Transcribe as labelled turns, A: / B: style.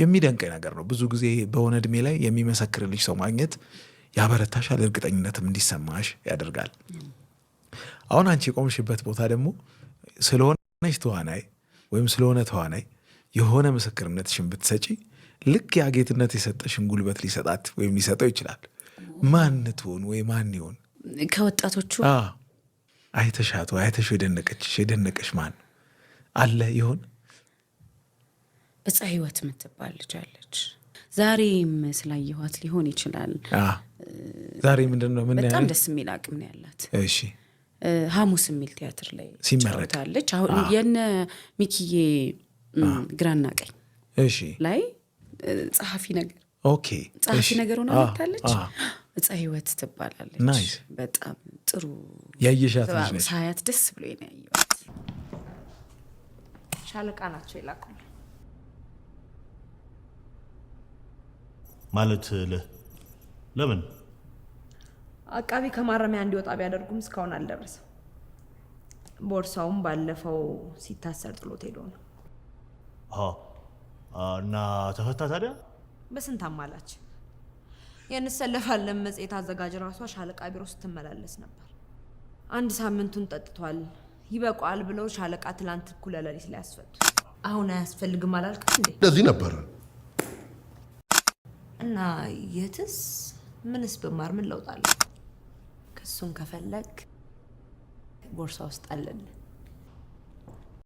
A: የሚደንቀኝ ነገር ነው። ብዙ ጊዜ በሆነ እድሜ ላይ ልጅ ሰው ማግኘት ያበረታሻል፣ እርግጠኝነትም እንዲሰማሽ ያደርጋል። አሁን አንቺ የቆምሽበት ቦታ ደግሞ ስለሆነች ተዋናይ ወይም ስለሆነ ተዋናይ የሆነ ምስክርነትሽን ብትሰጪ ልክ ያ ጌትነት የሰጠሽን ጉልበት ሊሰጣት ወይም ሊሰጠው ይችላል። ማን ትሆን ወይ ማን ይሆን? ከወጣቶቹ አይተሻት አይተሽ የደነቀችሽ የደነቀሽ ማን አለ ይሆን?
B: እፀ ህይወት የምትባል ልጃለች። አለች። ዛሬም ስላየኋት ሊሆን ይችላል። ዛሬ ምንድን ነው በጣም ደስ የሚል አቅም ነው ያላት። እሺ ሐሙስ የሚል ቲያትር ላይ
A: ሲመረታለች።
B: አሁን የነ ሚኪዬ ግራና ቀኝ ላይ ጸሐፊ ነገር ኦኬ፣ ጸሐፊ ነገር ሆና መታለች። እፀ ህይወት ትባላለች። በጣም ጥሩ ያየሻት ሳያት ደስ ብሎ ነው ያየኋት። ሻለቃ ናቸው ይላኩል
A: ማለት ለምን
B: አቃቢ ከማረሚያ እንዲወጣ ቢያደርጉም እስካሁን አልደረሰም። ቦርሳውም ባለፈው ሲታሰር ጥሎት ሄዶ ነው።
A: እና ተፈታ። ታዲያ
B: በስንት አማላች የንሰለፋለን መጽሔት አዘጋጅ ራሷ ሻለቃ ቢሮ ስትመላለስ ነበር። አንድ ሳምንቱን ጠጥቷል ይበቋል ብለው ሻለቃ ትላንት እኩለ ሌሊት ላይ ያስፈቱ። አሁን አያስፈልግም አላልክም
A: እንዴ? እንደዚህ ነበር
B: እና የትስ ምንስ ብማር ምን ለውጣለሁ? ከሱን ክሱን ከፈለግ ቦርሳ ውስጥ አለልን።